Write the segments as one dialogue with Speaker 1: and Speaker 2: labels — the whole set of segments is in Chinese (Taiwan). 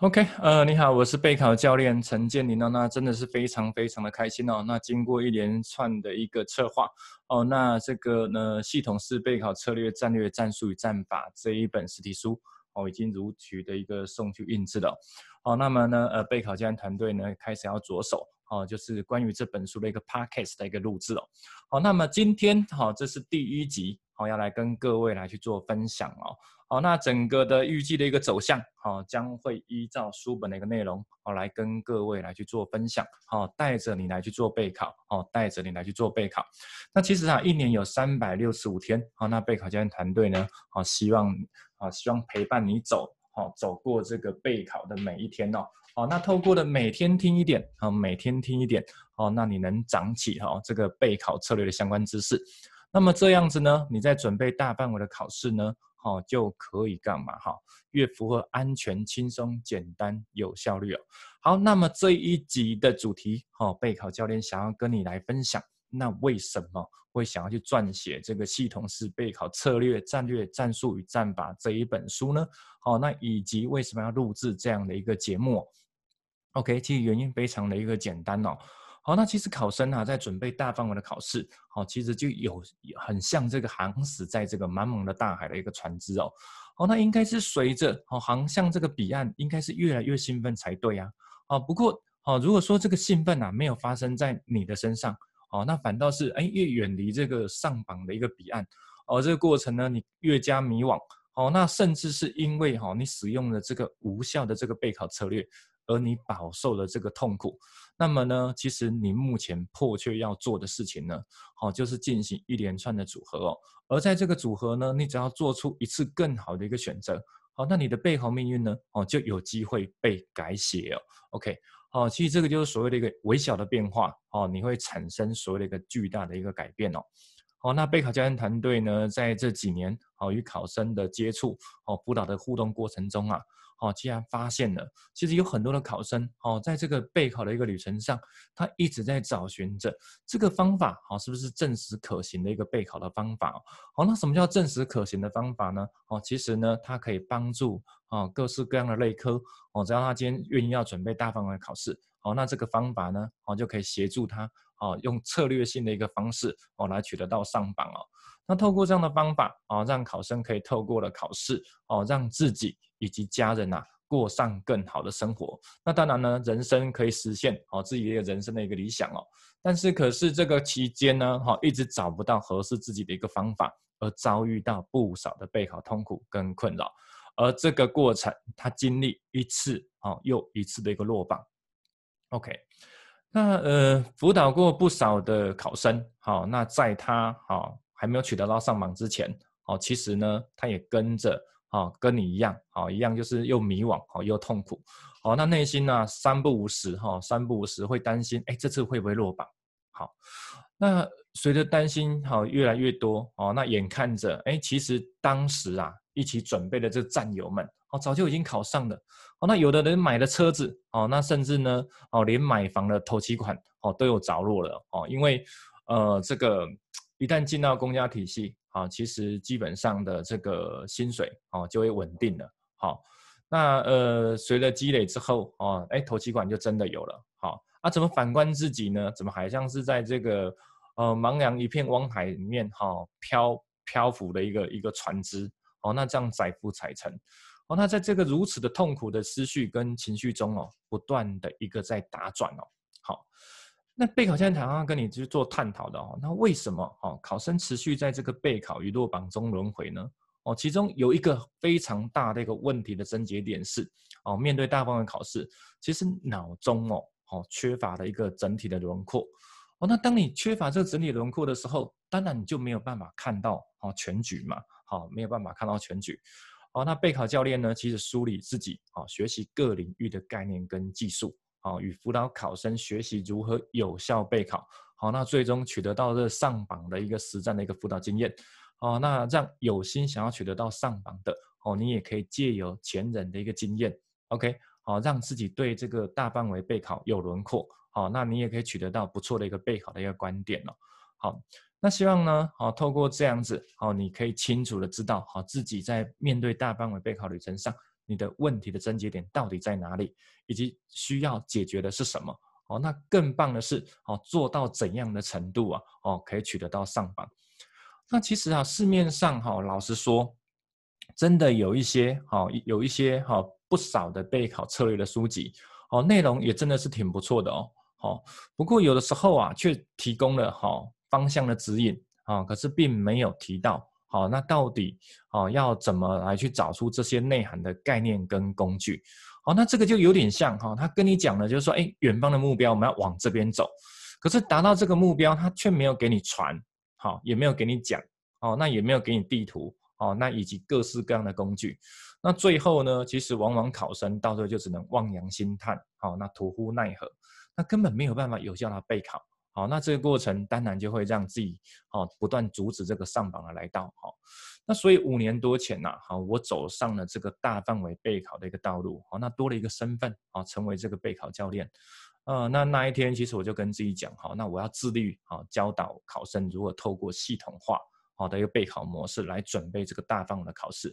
Speaker 1: OK，呃，你好，我是備考教練陳建林哦，那真的是非常非常的開心哦。那經過一連串的一個策劃哦，那這個呢，系統式備考策略、戰略、戰術與戰法這一本實體書哦，已經如期的一個送去印制了。好、哦，那麼呢，呃，備考教練團隊呢開始要着手哦，就是關於這本書的一個 podcast 的一個錄製了哦。好，那麼今天好、哦，這是第一集。好，要來跟各位來去做分享哦。好，那整個的預計的一個走向，好，將會依照書本的一個內容，好，來跟各位來去做分享，好，帶着你來去做備考，好，帶着你來去做備考。那其實啊，一年有三百六十五天，好，那備考教練團隊呢，好，希望啊，希望陪伴你走，好，走過這個備考的每一天哦。好，那透過的每天聽一點，好，每天聽一點，好，那你能掌握好這個備考策略的相關知識。那麼這樣子呢？你在準備大範圍的考試呢？哦、就可以幹嘛？哈、哦，越符合安全、輕鬆、簡單、有效率哦。好，那麼這一集的主題，哈、哦，備考教練想要跟你來分享，那為什麼會想要去撰寫這個系統式備考策略、戰略、戰術與戰法這一本書呢？好、哦，那以及為什麼要錄制這樣的一個節目？OK，其實原因非常的一個簡單哦。好，那其實考生啊，在準備大範圍的考試，好、哦，其實就有很像這個航駛在這個茫茫的大海的一個船隻哦。好、哦，那應該是隨着哦航向這個彼岸，應該是越來越興奮才對啊。啊、哦，不過啊、哦，如果說這個興奮啊沒有發生在你的身上，哦，那反倒是哎越遠離這個上榜的一個彼岸，哦，這個過程呢，你越加迷惘。好、哦、那甚至是因為哈、哦，你使用了這個無效的這個備考策略。而你飽受了這個痛苦，那麼呢，其實你目前迫切要做的事情呢，好、哦，就是進行一連串的組合哦。而在這個組合呢，你只要做出一次更好的一個選擇，好、哦，那你的備考命運呢、哦，就有機會被改寫哦。OK，好、哦，其實這個就是所謂的一個微小的變化哦，你會產生所謂的一個巨大的一個改變哦。好、哦，那備考教練團隊呢，在這幾年哦與考生的接觸哦輔導的互動過程中啊。哦，既然發現了，其實有很多的考生哦，在這個備考的一個旅程上，他一直在找尋着這個方法哦，是不是證實可行的一個備考的方法哦？哦，那什麼叫證實可行的方法呢？哦，其實呢，它可以幫助、哦、各式各樣的類科哦，只要他今天願意要準備大範圍的考試，哦，那這個方法呢，哦就可以協助他哦，用策略性的一個方式哦來取得到上榜哦。那透過這樣的方法啊、哦，讓考生可以透過了考試哦，讓自己以及家人吶、啊、過上更好的生活。那當然呢，人生可以實現好、哦、自己一個人生的一個理想哦。但是可是這個期間呢哈、哦，一直找不到合適自己的一個方法，而遭遇到不少的備考痛苦跟困擾。而這個過程，他經歷一次啊、哦、又一次的一個落榜。OK，那呃，輔導過不少的考生，好、哦，那在他哈。哦還沒有取得到上榜之前，哦，其實呢，他也跟着，跟你一樣，一樣就是又迷惘，又痛苦，哦，那內心呢三不五時，哈，三不五時會擔心，哎，這次會不會落榜？好，那隨着擔心，好越來越多，哦，那眼看着，哎，其實當時啊，一起準備的這戰友們，哦，早就已經考上了，那有的人買了車子，哦，那甚至呢，哦，連買房的頭期款，哦，都有着落了，哦，因為，呃，這個。一旦進到公家體系，啊，其實基本上的這個薪水，啊，就會穩定了。好，那呃，隨着積累之後，啊，哎，頭期款就真的有了。好，啊，怎麼反觀自己呢？怎麼還像是在這個呃茫茫一片汪海裡面飄，哈，漂漂浮的一個一個船隻，哦，那這樣載浮載沉，哦，那在這個如此的痛苦的思緒跟情緒中，哦，不斷的一個在打轉，哦，好。那備考教練啊，跟你去做探討的哦。那為什麼哦考生，持續在這個備考與落榜中輪迴呢？哦，其中有一個非常大的一個問題的症結點是哦，面對大部分考試，其實腦中哦哦缺乏了一個整體的輪廓。哦，那當你缺乏這個整體輪廓的時候，當然你就沒有辦法看到哦全局嘛，好、哦、沒有辦法看到全局。哦，那備考教練呢，其實梳理自己哦，學習各領域的概念跟技術。好，與輔導考生學習如何有效備考。好，那最終取得到這上榜的一個實戰的一個輔導經驗。哦，那讓有心想要取得到上榜的，哦，你也可以借由前人的一個經驗。OK，好，讓自己對這個大範圍備考有輪廓。好，那你也可以取得到不錯的一個備考的一個觀點了。好，那希望呢，好，透過這樣子，好，你可以清楚的知道，好，自己在面對大範圍備考旅程上，你的問題的症結點到底在哪裡，以及需要解決的是什麼？那更棒的是，做到怎樣的程度啊？可以取得到上榜。那其實啊，市面上哈、啊，老實說，真的有一些哈，有一些哈，不少的備考策略的書籍，哦，內容也真的是挺不錯的哦。好，不過有的時候啊，卻提供了哈方向的指引啊，可是並沒有提到。好、哦，那到底，哦，要怎麼來去找出這些內涵的概念跟工具？哦，那這個就有點像哈、哦，他跟你講的就是說，哎，遠方的目標我們要往這邊走，可是達到這個目標，他卻沒有給你船，好、哦，也沒有給你講，哦，那也沒有給你地圖，哦，那以及各式各樣的工具，那最後呢，其實往往考生到最後就只能望洋興嘆，好、哦，那徒呼奈何，那根本沒有辦法有效來備考。好，那這個過程當然就會讓自己不斷阻止這個上榜的來到。好，那所以五年多前吶，好，我走上了這個大範圍備考的一個道路。好，那多了一個身份，好，成為這個備考教練。啊，那那一天其實我就跟自己講，好，那我要自律，好，教導考生如何透過系統化好的一個備考模式來準備這個大範圍的考試。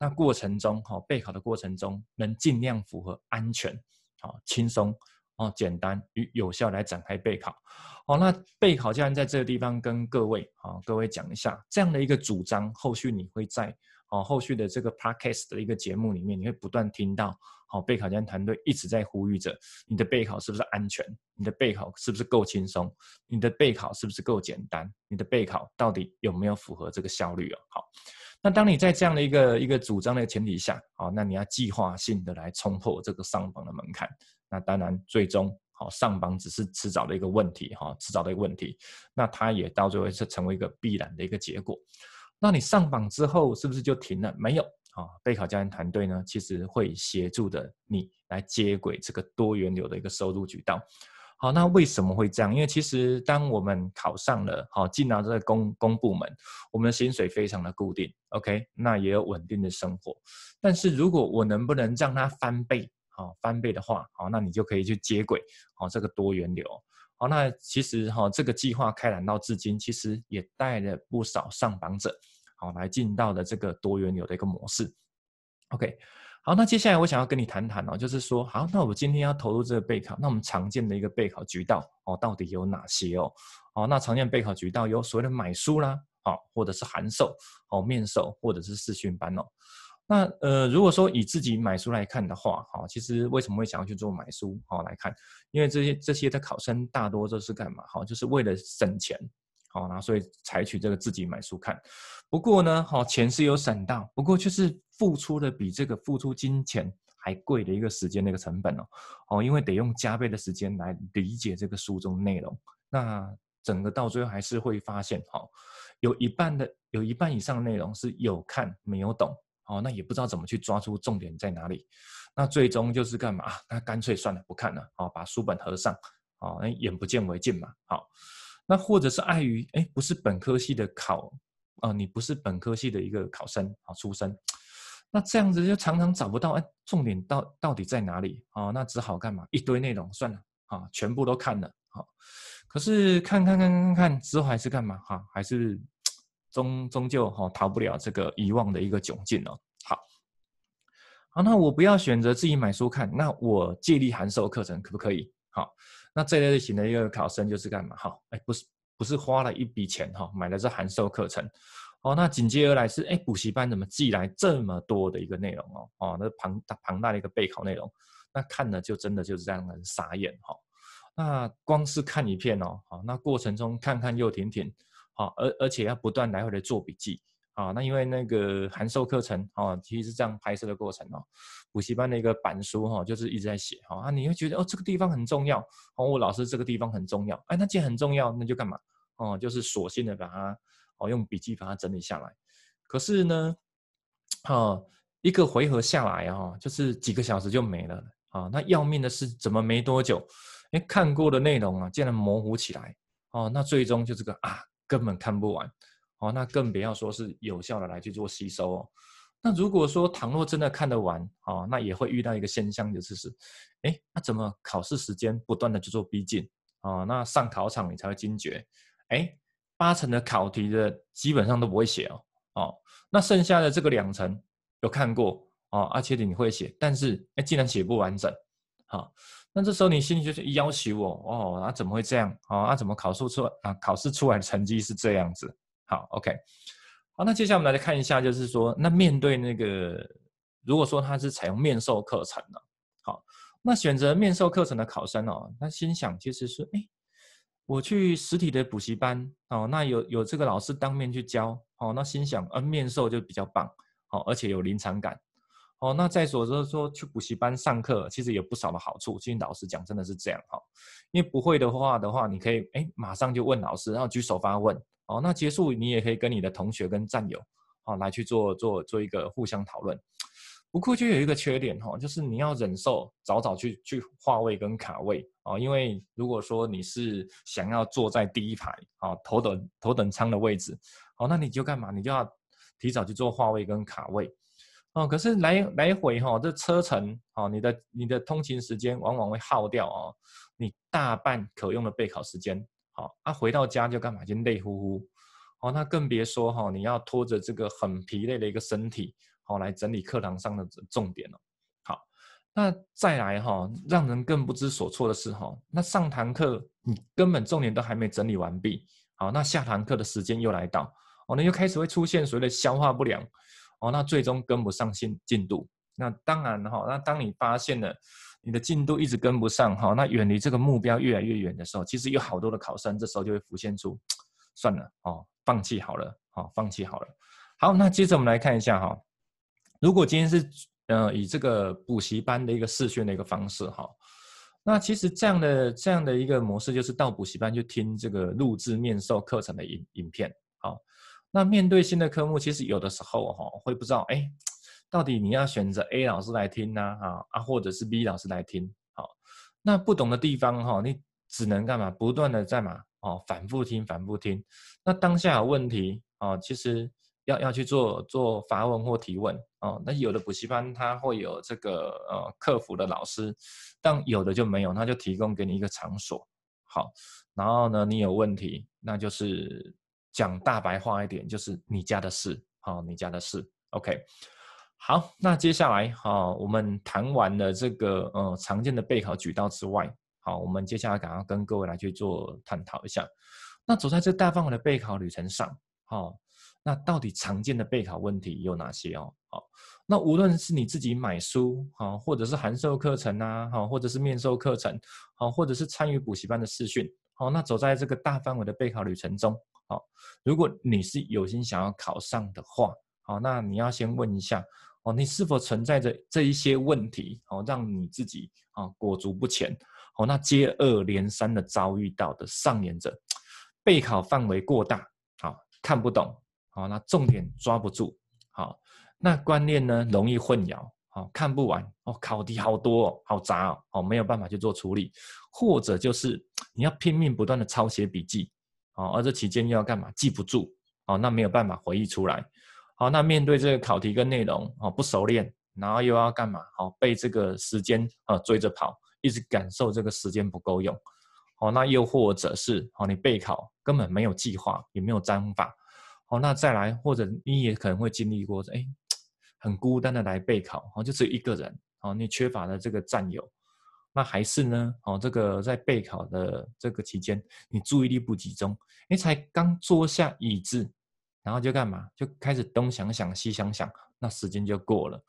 Speaker 1: 那過程中，哈，備考的過程中能儘量符合安全，好，輕鬆。哦，簡單與有效來展開備考。哦，那備考教練在這個地方跟各位啊、哦、各位講一下這樣的一個主張，後續你會在哦後續的這個 podcast 的一個節目裡面，你會不斷聽到。好、哦，備考教練團隊一直在呼籲着你的備考是不是安全，你的備考是不是夠輕鬆，你的備考是不是夠簡單，你的備考到底有沒有符合這個效率啊、哦？好，那當你在這樣的一個一個主張的前提下，好、哦，那你要計劃性的來衝破這個上榜的門檻。那當然，最終好上榜只是遲早的一個問題哈，遲早的一個問題。那它也到最後是成為一個必然的一個結果。那你上榜之後是不是就停了？沒有啊，備考教練團隊呢，其實會協助的你來接軌這個多元流的一個收入渠道。好，那為什麼會這樣？因為其實當我們考上了，好進了這個公公部門，我們的薪水非常的固定，OK，那也有穩定的生活。但是如果我能不能讓它翻倍？哦、翻倍的話、哦，那你就可以去接軌，哦，這個多元流，哦、那其實哈、哦，這個計劃開展到至今，其實也帶了不少上榜者，好、哦、來進到了這個多元流的一個模式。OK，好，那接下來我想要跟你談談哦，就是說，好，那我今天要投入這個備考，那我們常見的一個備考渠道哦，到底有哪些哦？哦那常見備考渠道有所謂的買書啦，哦、或者是函授、哦，面授或者是視訊班哦。那呃，如果說以自己買書來看的話，哈，其實為什麼會想要去做買書，哈、哦，來看，因為這些這些的考生大多都是幹嘛，哈、哦，就是為了省錢，好、哦，然後所以採取這個自己買書看。不過呢，哈、哦，錢是有省到，不過就是付出的比這個付出金錢還貴的一個時間的一個成本哦，哦，因為得用加倍的時間來理解這個書中內容。那整個到最後還是會發現，哈、哦，有一半的有一半以上的內容是有看沒有懂。哦，那也不知道怎麼去抓住重點在哪裡，那最終就是幹嘛、啊？那乾脆算了，不看了，哦，把書本合上，哦，眼不見為淨嘛。好、哦，那或者是礙於哎，不是本科系的考，啊、呃，你不是本科系的一個考生啊、哦、出身，那這樣子就常常找不到哎，重點到到底在哪裡？哦，那只好幹嘛？一堆內容算了，啊、哦，全部都看了，好、哦，可是看看看看看，之後還是幹嘛？哈、哦，還是。終終究哈、哦、逃不了這個遺忘的一個窘境哦。好，好，那我不要選擇自己買書看，那我借力函授課程可不可以？好，那這類型的一個考生就是幹嘛？哈，哎，不是不是花了一筆錢哈、哦，買了這函授課程。好，那緊接而來是，哎，補習班怎麼寄來這麼多的一個內容哦？哦，那龐龐大的一個備考內容，那看了就真的就是讓人傻眼哈、哦。那光是看一遍哦，好，那過程中看看又停停。啊，而而且要不斷來回的做筆記啊，那因為那個函授課程啊，其實是這樣拍攝的過程哦，補習班的一個板書哈，就是一直在寫哈啊，你會覺得哦，這個地方很重要哦，我老師這個地方很重要，哎，那既然很重要，那就幹嘛？哦，就是索性的把它哦，用筆記把它整理下來。可是呢，啊，一個回合下來哈，就是幾個小時就沒了啊。那要命的是，怎麼沒多久，哎，看過的內容啊，竟然模糊起來哦，那最終就這個啊。根本看不完，哦，那更不要說是有效的來去做吸收哦。那如果說倘若真的看得完，哦，那也會遇到一個現象，就是，哎，那、啊、怎麼考試時間不斷的去做逼近，哦，那上考場你才會驚覺，哎，八成的考題的基本上都不會寫哦，哦，那剩下的這個兩成有看過，哦，而且你你會寫，但是，哎，竟然寫不完整，好，哦。那這時候你心裡就是要求我哦，那、啊、怎麼會這樣哦，啊怎麼考試出啊考試出來的成績是這樣子？好，OK，好，那接下來我們來看一下，就是說，那面對那個，如果說他是採用面授課程的，好，那選擇面授課程的考生哦，他心想其實是哎、欸，我去實體的補習班哦，那有有這個老師當面去教哦，那心想嗯，呃、面授就比較棒，哦，而且有臨場感。哦，那在所周說去補習班上課，其實有不少的好處。其實老師講，真的是這樣哈、哦。因為不會的話的話，你可以哎馬上就問老師，然後舉手發問。哦，那結束你也可以跟你的同學跟戰友，哦來去做做做一個互相討論。不過就有一個缺點哈、哦，就是你要忍受早早去去劃位跟卡位啊、哦。因為如果說你是想要坐在第一排啊、哦、頭等頭等艙的位置，哦那你就幹嘛？你就要提早去做劃位跟卡位。哦，可是來來回哈、哦，這車程哦，你的你的通勤時間往往會耗掉，哦，你大半可用的備考時間好，哦啊、回到家就幹嘛就累乎乎，哦，那更別說哈、哦，你要拖着這個很疲累的一個身體好、哦、來整理課堂上的重點了、哦，好，那再來哈、哦，讓人更不知所措的是哈、哦，那上堂課你根本重點都還沒整理完畢，好、哦，那下堂課的時間又來到，哦，你就開始會出現所謂的消化不良。哦，那最終跟不上進進度，那當然哈。那當你發現了你的進度一直跟不上哈，那遠離這個目標越來越遠的時候，其實有好多的考生這時候就會浮現出，算了哦，放棄好了，好，放棄好了。好，那接着我們來看一下哈，如果今天是嗯以這個補習班的一個視訊的一個方式哈，那其實這樣的這樣的一個模式就是到補習班去聽這個錄製面授課程的影影片，好。那面對新的科目，其實有的時候哈，會不知道哎，到底你要選擇 A 老師來聽呢、啊，哈啊，或者是 B 老師來聽，好，那不懂的地方哈，你只能幹嘛？不斷的在嘛，哦，反覆聽，反覆聽。那當下有問題哦，其實要要去做做發問或提問哦。那有的補習班它會有這個呃客服的老師，但有的就沒有，那就提供給你一個場所，好，然後呢，你有問題，那就是。講大白話一點，就是你家的事，好，你家的事，OK。好，那接下來哈，我們談完了這個呃常見的備考渠道之外，好，我們接下來趕快跟各位來去做探討一下。那走在這大範圍的備考旅程上，好，那到底常見的備考問題有哪些哦？好，那無論是你自己買書哈，或者是函授課程吶，哈，或者是面授課程，好，或者是參與補習班的視訊，好，那走在這個大範圍的備考旅程中，好、哦，如果你是有心想要考上的話，好、哦，那你要先問一下哦，你是否存在着這一些問題？哦，讓你自己啊哦、裹足不前，哦，那接二連三的遭遇到的上演著備考範圍過大，啊、哦，看不懂，啊、哦，那重點抓不住，好、哦，那觀念呢，容易混淆，啊、哦，看不完，哦，考題好多、哦，好雜哦，哦，沒有辦法去做處理，或者就是你要拼命不斷的抄寫筆記。哦，而這期間又要幹嘛？記不住哦，那沒有辦法回憶出來。好，那面對這個考題跟內容哦，不熟練，然後又要幹嘛？哦，被這個時間啊追着跑，一直感受這個時間不夠用。哦，那又或者是哦，你備考根本沒有計劃，也沒有章法。哦，那再來，或者你也可能會經歷過，哎，很孤單的來備考，哦，就只有一個人。哦，你缺乏了這個戰友。那還是呢？哦，這個在備考的這個期間，你注意力不集中，你才剛坐下椅子，然後就幹嘛？就開始東想想西想想，那時間就過了。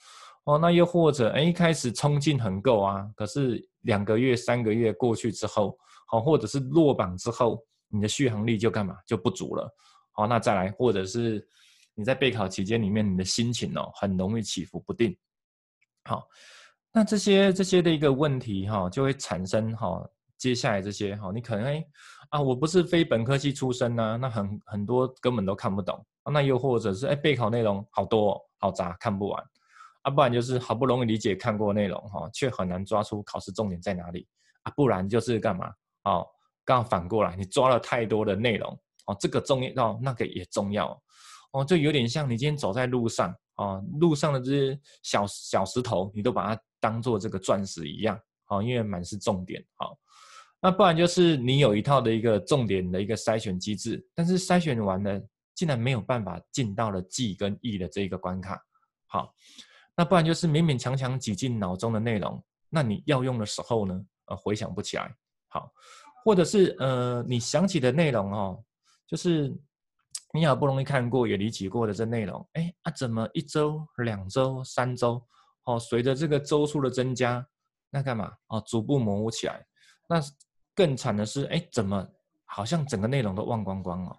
Speaker 1: 哦，那又或者，嗯，一開始衝勁很夠啊，可是兩個月、三個月過去之後，哦，或者是落榜之後，你的續航力就幹嘛？就不足了。好，哦，那再來，或者是你在備考期間裡面，你的心情哦，很容易起伏不定。好，哦。那這些這些的一個問題哈、哦，就會產生哈、哦，接下來這些哈、哦，你可能哎啊，我不是非本科系出身吶、啊，那很很多根本都看不懂，啊、那又或者是哎備考內容好多、哦、好雜看不完，啊，不然就是好不容易理解看過內容哈、啊，卻很難抓出考試重點在哪裡啊，不然就是幹嘛啊？剛好反過來你抓了太多的內容哦、啊，這個重要、啊、那個也重要哦、啊，就有點像你今天走在路上啊，路上的這些小小石頭你都把它當做這個鑽石一樣，因為滿是重點，那不然就是你有一套的一個重點的一個篩選機制，但是篩選完了竟然沒有辦法進到了 G 跟 E 的這個關卡，好，那不然就是勉勉強強擠進腦中的內容，那你要用的時候呢，回想不起來，好，或者是呃，你想起的內容哦，就是你好不容易看過也理解過的這內容，哎，啊，怎麼一周、兩周、三周？哦，隨着這個周數的增加，那幹嘛？哦，逐步模糊起來。那更慘的是，哎，怎麼好像整個內容都忘光光了、哦？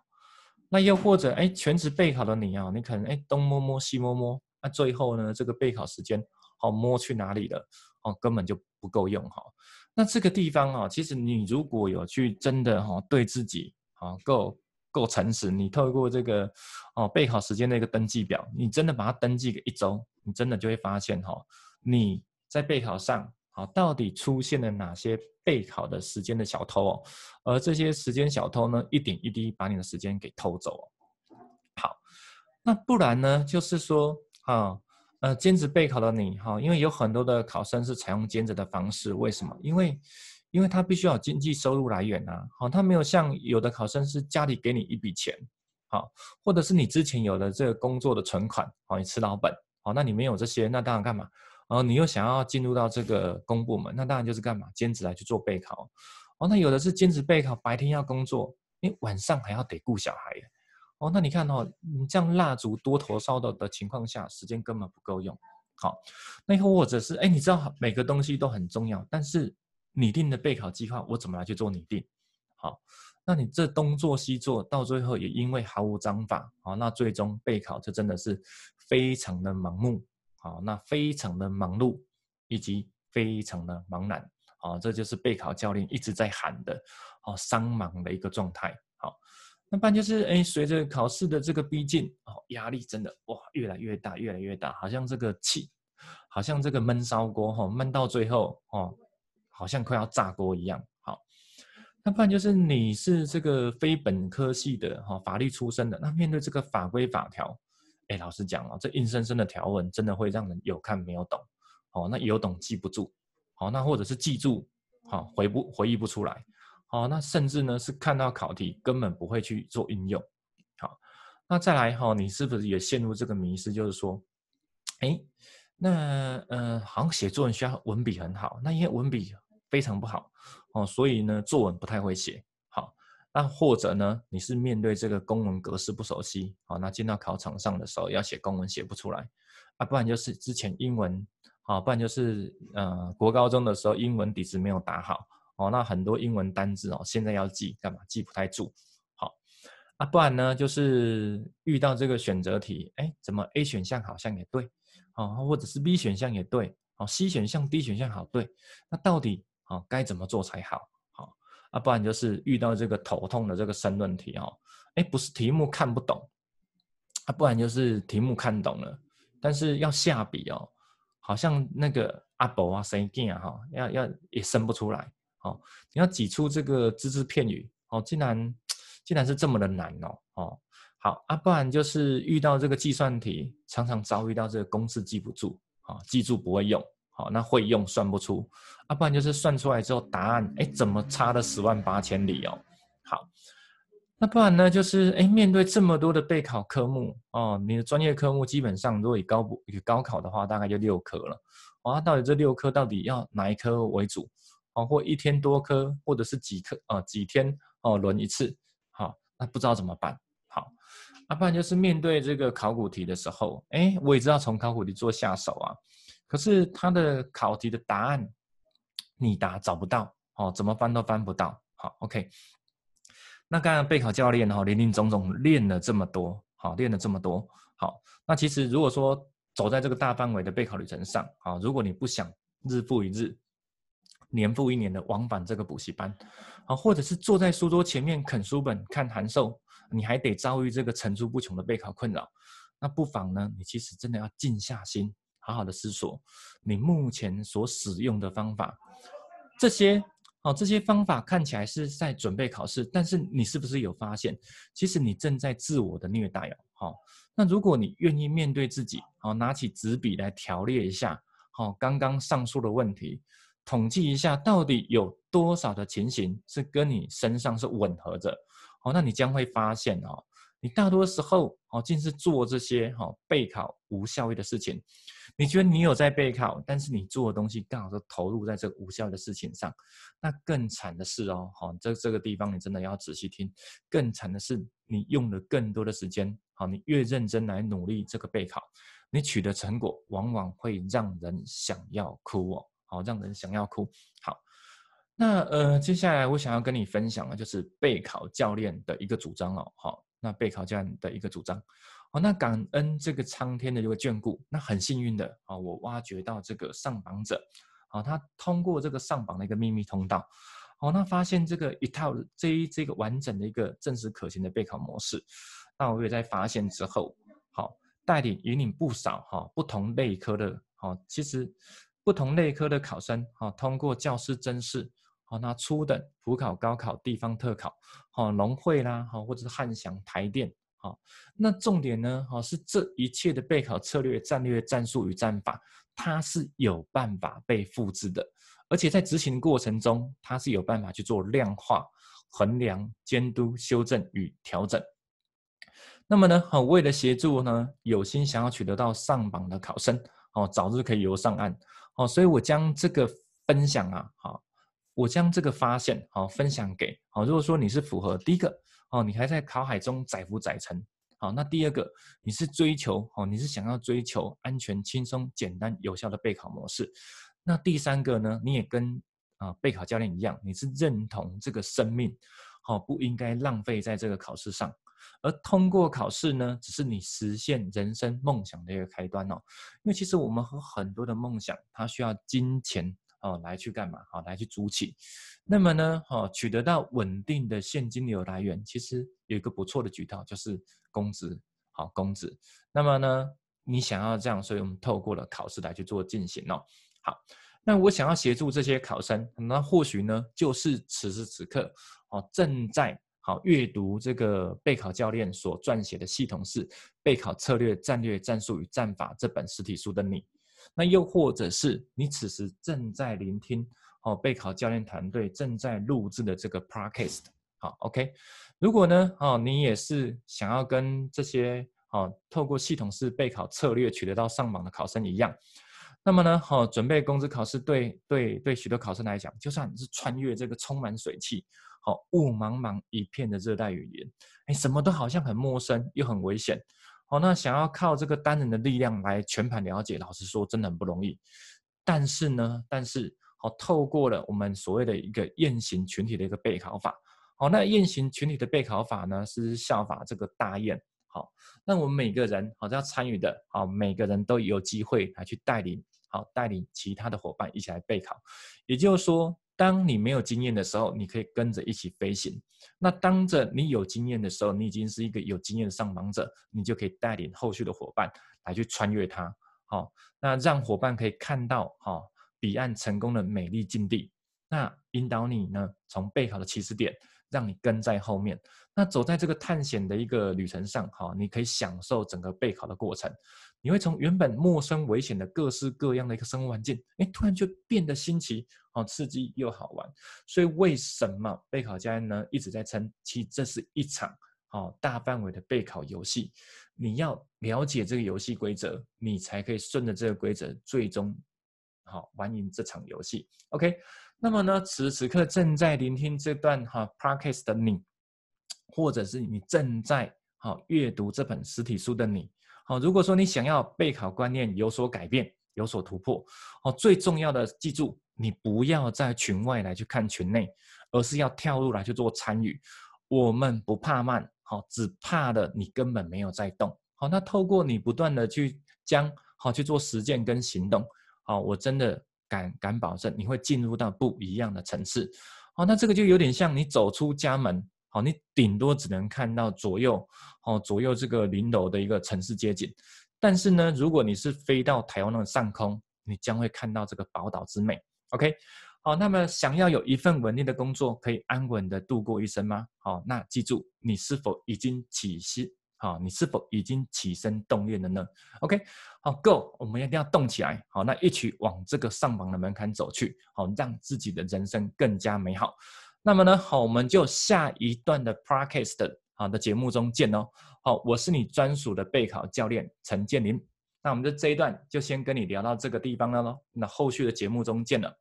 Speaker 1: 那又或者，哎，全職備考的你啊、哦，你可能哎東摸摸西摸摸，那、啊、最後呢，這個備考時間哦摸去哪裡了？哦，根本就不夠用哈、哦。那這個地方啊、哦，其實你如果有去真的哈、哦，對自己啊、哦、夠夠誠實，你透過這個。哦，備考時間的一個登記表，你真的把它登記個一周，你真的就會發現哈、哦，你在備考上，啊、哦，到底出現了哪些備考的時間的小偷哦，而這些時間小偷呢，一點一滴把你的時間給偷走、哦。好，那不然呢，就是說啊、哦，呃，兼職備考的你哈、哦，因為有很多的考生，是採用兼職的方式，為什麼？因為，因為他必須要有經濟收入來源啊，好、哦，他沒有像有的考生是家裡給你一筆錢。好，或者是你之前有了這個工作的存款，好、哦，你吃老本，好、哦，那你沒有這些，那當然幹嘛？哦，你又想要進入到這個公部門，那當然就是幹嘛？兼職來去做備考，哦，那有的是兼職備考，白天要工作，你晚上還要得顧小孩，哦，那你看哦，你這樣蠟燭多頭燒的的情況下，時間根本不夠用。好，那或者是，哎，你知道每個東西都很重要，但是擬定的備考計劃，我怎麼來去做擬定？好。那你這東做西做到最後也因為毫無章法啊，那最終備考就真的是非常的盲目啊，那非常的忙碌以及非常的茫然啊，這就是備考教練一直在喊的哦，三忙的一個狀態啊。那半就是哎，隨着考試的這個逼近哦，壓力真的哇越來越大，越來越大，好像這個氣，好像這個悶燒鍋哈，悶到最後哦，好像快要炸鍋一樣。那不然就是你是這個非本科系的哈、哦，法律出身的，那面對這個法規法條，哎，老實講哦，這硬生生的條文真的會讓人有看沒有懂，哦，那有懂記不住，好、哦，那或者是記住，哈、哦，回不回憶不出來，哦，那甚至呢是看到考題根本不會去做應用，好、哦，那再來哈、哦，你是不是也陷入這個迷思，就是說，哎，那呃，好像寫作文需要文筆很好，那因為文筆非常不好。哦，所以呢，作文不太會寫，好，那，啊，或者呢，你是面對這個公文格式不熟悉，好，那進到考場上的時候要寫公文寫不出來，啊，不然就是之前英文，好，不然就是呃，國高中的時候英文底子沒有打好，哦，那很多英文單字哦，現在要記幹嘛，記不太住，好，啊，不然呢，就是遇到這個選擇題，哎，怎麼 A 選項好像也對，哦，或者是 B 選項也對，哦，C 選項 D 選項好對，那到底？哦，該怎麼做才好？好啊，不然就是遇到這個頭痛的這個申論題哦。哎，不是題目看不懂，啊，不然就是題目看懂了，但是要下筆哦，好像那個阿伯啊、誰健啊哈，要要也生不出來哦。你要擠出這個只字片語哦，竟然，竟然是這麼的難哦哦。好啊，不然就是遇到這個計算題，常常遭遇到這個公式記不住啊，記住不會用。那會用算不出，啊，不然就是算出來之後答案誒，怎麼差了十萬八千里哦？好，那不然呢？就是誒面對這麼多的備考科目哦，你的專業科目基本上如果以高以高考的話，大概就六科了，哦、啊，到底這六科到底要哪一科為主？啊、哦，或一天多科，或者是幾科啊、呃？幾天哦，輪一次，好、哦，那不知道怎麼辦？好，啊，不然就是面對這個考古題的時候，誒我也知道從考古題做下手啊。可是他的考題的答案，你答找不到哦，怎麼翻都翻不到。好，OK。那剛剛備考教練哈，林林總總練了這麼多，好，練了這麼多。好，那其實如果說走在這個大範圍的備考旅程上啊，如果你不想日復一日、年復一年的往返這個補習班啊，或者是坐在書桌前面啃書本看函授，你還得遭遇這個層出不窮的備考困擾，那不妨呢，你其實真的要靜下心。好好的思索，你目前所使用的方法，這些哦，這些方法看起來是在準備考試，但是你是不是有發現，其實你正在自我的虐待哦？哦，那如果你願意面對自己，好、哦，拿起紙筆來條列一下，好、哦，剛剛上述的問題，統計一下到底有多少的情形是跟你身上是吻合着，哦，那你將會發現哦。你大多時候哦，盡是做這些哈、哦、備考無效益的事情。你覺得你有在備考，但是你做的東西剛好是投入在這個無效益的事情上。那更慘的是哦，好、哦、這這個地方你真的要仔細聽。更慘的是，你用了更多的時間哦，你越認真來努力這個備考，你取得成果往往會讓人想要哭哦，好、哦、讓人想要哭。好。那呃，接下來我想要跟你分享的就是備考教練的一個主張了、哦。好，那備考教練的一個主張，哦，那感恩這個蒼天的一個眷顧，那很幸運的啊，我挖掘到這個上榜者，啊，他通過這個上榜的一個秘密通道，哦，那發現這個一套這一這個完整的一個真實可行的備考模式，那我也在發現之後，好，帶領引領不少哈不同類科的，好，其實不同類科的考生啊，通過教師甄試。哦，那初等、普考、高考、地方特考，哦，農會啦，哈，或者是漢翔、台電，那重點呢，哈，是這一切的備考策略、戰略、戰術與戰法，它是有辦法被複製的，而且在執行過程中，它是有辦法去做量化、衡量、監督、修正與調整。那麼呢，好，為了協助呢，有心想要取得到上榜的考生，哦，早日可以游上岸，哦，所以我將這個分享啊，哈。我將這個發現好、哦、分享給好、哦，如果說你是符合第一個、哦、你還在考海中載浮載沉好、哦，那第二個你是追求、哦、你是想要追求安全、輕鬆、簡單、有效的備考模式，那第三個呢，你也跟啊、呃、備考教練一樣，你是認同這個生命好、哦、不應該浪費在這個考試上，而通過考試呢，只是你實現人生夢想的一個開端哦，因為其實我們和很多的夢想，它需要金錢。哦，來去幹嘛？好，來去租起。那麼呢，好，取得到穩定的現金流來源，其實有一個不錯的渠道，就是公職。好，公職。那麼呢，你想要這樣，所以我們透過了考試來去做進行哦。好，那我想要協助這些考生，那或許呢，就是此時此刻，哦，正在好閱讀這個備考教練所撰寫的《系統式備考策略、戰略、戰術與戰法》這本實體書的你。那又或者是你此時正在聆聽哦，備考教練團隊正在錄製的這個 podcast，好，OK。如果呢，哦，你也是想要跟這些哦，透過系統式備考策略，取得到上榜的考生一樣，那麼呢，哦，準備公職考試對對對，對對許多考生來講，就算你是穿越這個充滿水汽、好、哦、霧茫茫一片的熱帶雨林，哎，什麼都好像很陌生又很危險。哦，那想要靠這個單人的力量來全盤了解，老實說真的很不容易。但是呢，但是，好、哦，透過了我們所謂的一個雁形群體的一個備考法，好、哦，那雁形群體的備考法呢，是效法這個大雁。好、哦，那我們每個人，好，要參與的，好、哦，每個人都有機會來去帶領，好、哦，帶領其他的夥伴一起來備考。也就是說。當你沒有經驗的時候，你可以跟着一起飛行。那當着你有經驗的時候，你已經是一個有經驗的上榜者，你就可以帶領後續的伙伴來去穿越它。好、哦，那讓伙伴可以看到，好、哦，彼岸成功的美麗境地。那引導你呢，從備考的起始點，讓你跟在後面。那走在這個探險的一個旅程上，哈，你可以享受整個備考的過程。你會從原本陌生、危險的各式各樣的一個生活環境，哎，突然就變得新奇，哦，刺激又好玩。所以，為什麼備考家人呢一直在稱，其實這是一場哦大範圍的備考遊戲。你要了解這個遊戲規則，你才可以順着這個規則，最終好玩贏這場遊戲。OK，那麼呢，此時此刻正在聆聽這段哈 Podcast 的你。或者是你正在好閱讀這本實體書的你，好，如果說你想要備考觀念有所改變、有所突破，好，最重要的記住，你不要在群外來去看群內，而是要跳入來去做參與。我們不怕慢，好，只怕的你根本沒有在動，好，那透過你不斷的去將，好，去做實踐跟行動，好，我真的敢敢保證你會進入到不一樣的層次，好，那這個就有點像你走出家門。好，你頂多只能看到左右，哦，左右這個零樓的一個城市街景。但是呢，如果你是飛到台灣的上空，你將會看到這個寶島之美。OK，好，那麼想要有一份穩定的工作，可以安穩地度過一生嗎？好，那記住，你是否已經起心？好，你是否已經起心動念了呢？OK，好，Go，我們一定要動起來。好，那一起往這個上榜的門檻走去。好，讓自己的人生更加美好。那麼呢，好，我們就下一段的 Podcast 的好的節目中見哦。好，我是你專屬的備考教練陳建林。那我們就這一段就先跟你聊到這個地方了咯，那後續的節目中見了。